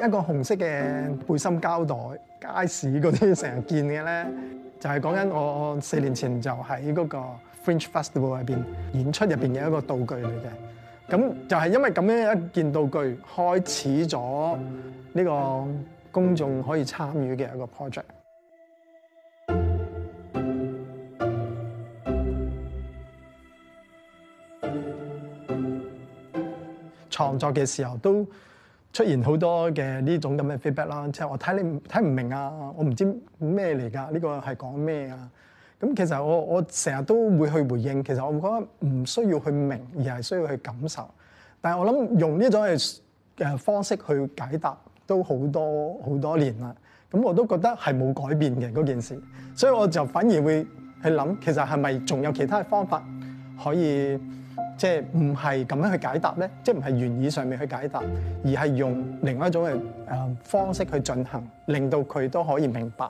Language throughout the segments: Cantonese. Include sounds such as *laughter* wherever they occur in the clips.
一個紅色嘅背心膠袋，街市嗰啲成日見嘅咧，就係講緊我四年前就喺嗰個 Fringe Festival 入邊演出入邊嘅一個道具嚟嘅。咁就係因為咁樣一件道具，開始咗呢個公眾可以參與嘅一個 project。 *music* 創作嘅時候都，出現好多嘅呢種咁嘅 feedback 啦，即係我睇你睇唔明啊，我唔知咩嚟㗎，呢個係講咩啊？咁其實我我成日都會去回應，其實我覺得唔需要去明，而係需要去感受。但係我諗用呢種嘅誒方式去解答都好多好多年啦，咁我都覺得係冇改變嘅嗰件事，所以我就反而會去諗，其實係咪仲有其他方法可以？即係唔係咁樣去解答咧？即係唔係原意上面去解答，而係用另外一種嘅誒方式去進行，令到佢都可以明白。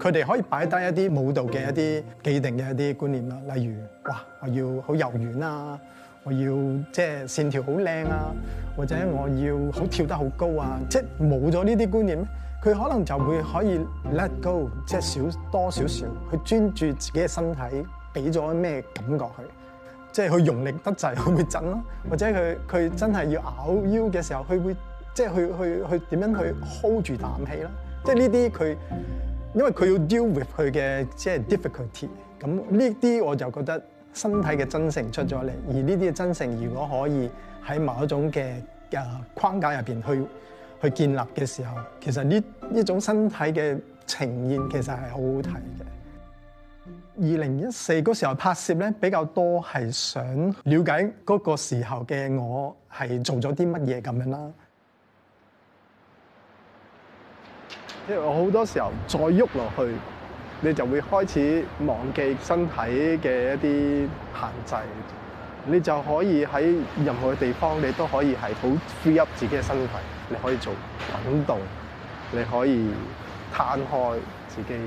佢哋可以擺低一啲舞蹈嘅一啲既定嘅一啲觀念啦，例如哇，我要好柔軟啊，我要即係線條好靚啊，或者我要好跳得好高啊，即係冇咗呢啲觀念咧，佢可能就會可以 let go，即係少多少少去專注自己嘅身體，俾咗咩感覺佢。即係佢用力得滯，佢會震囉；或者佢佢真係要咬腰嘅時候，佢會即係去去去點樣去 hold 住啖氣啦。即係呢啲佢，因為佢要 deal with 佢嘅即係 difficulty、嗯。咁呢啲我就覺得身體嘅真誠出咗嚟，而呢啲嘅真誠如果可以喺某一種嘅誒、呃、框架入邊去去建立嘅時候，其實呢呢種身體嘅呈現其實係好好睇嘅。二零一四嗰時候拍攝咧，比較多係想了解嗰個時候嘅我係做咗啲乜嘢咁樣啦。因為我好多時候再喐落去，你就會開始忘記身體嘅一啲限制，你就可以喺任何嘅地方，你都可以係好 free up 自己嘅身體。你可以做滾動，你可以攤開自己。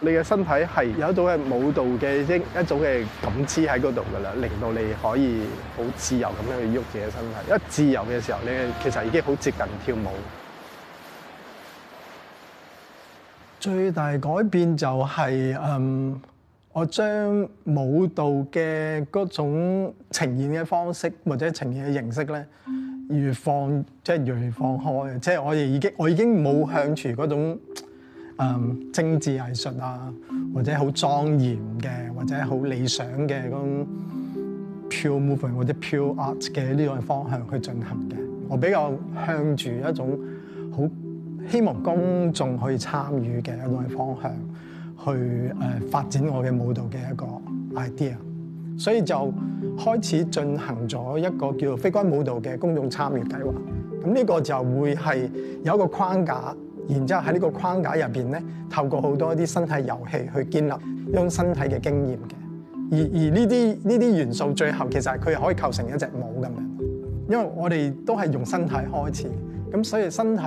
你嘅身體係有一種嘅舞蹈嘅一一種嘅感知喺嗰度㗎喇，令到你可以好自由咁樣去喐自己嘅身體。一自由嘅時候，你其實已經好接近跳舞。最大改變就係、是、嗯，我將舞蹈嘅嗰種呈現嘅方式或者呈現嘅形式咧，越放即係、就是、越，越放開嘅，即係我亦已經我已經冇向住嗰種。誒精緻藝術啊，或者好莊嚴嘅，或者好理想嘅嗰種 pure movement 或者 pure art 嘅呢種方向去進行嘅。我比較向住一種好希望公眾去參與嘅一種方向去誒、呃、發展我嘅舞蹈嘅一個 idea。所以就開始進行咗一個叫做非關舞蹈嘅公眾參與計劃。咁呢個就會係有一個框架。然之後喺呢個框架入邊咧，透過好多啲身體遊戲去建立一種身體嘅經驗嘅。而而呢啲呢啲元素最後其實係佢可以構成一隻舞咁樣。因為我哋都係用身體開始，咁所以身體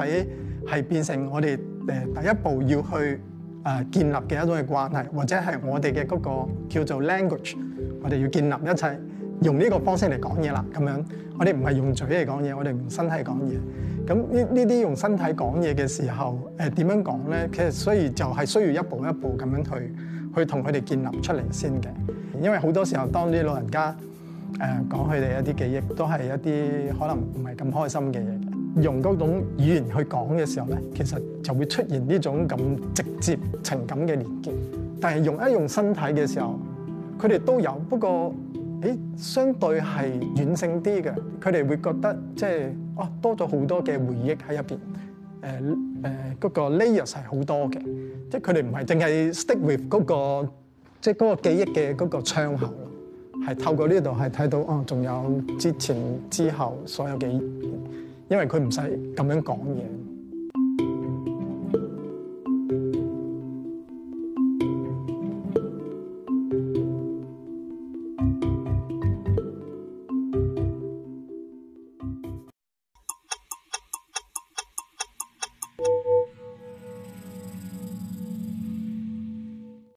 係變成我哋誒第一步要去誒建立嘅一種嘅關係，或者係我哋嘅嗰個叫做 language，我哋要建立一切。用呢個方式嚟講嘢啦，咁樣我哋唔係用嘴嚟講嘢，我哋用身體講嘢。咁呢呢啲用身體講嘢嘅時候，誒點樣講咧？其實所以就係需要一步一步咁樣去去同佢哋建立出嚟先嘅。因為好多時候，當啲老人家誒講佢哋一啲記憶，都係一啲可能唔係咁開心嘅嘢。用嗰種語言去講嘅時候咧，其實就會出現呢種咁直接情感嘅連結。但係用一用身體嘅時候，佢哋都有，不過。誒相對係軟性啲嘅，佢哋會覺得即係哦多咗好多嘅回憶喺入邊，誒、呃、誒、呃、那個 layers 係好多嘅，即係佢哋唔係淨係 stick with 嗰、那個即係個記憶嘅個窗口咯，係透過呢度係睇到哦仲有之前之後所有嘅，因為佢唔使咁樣講嘢。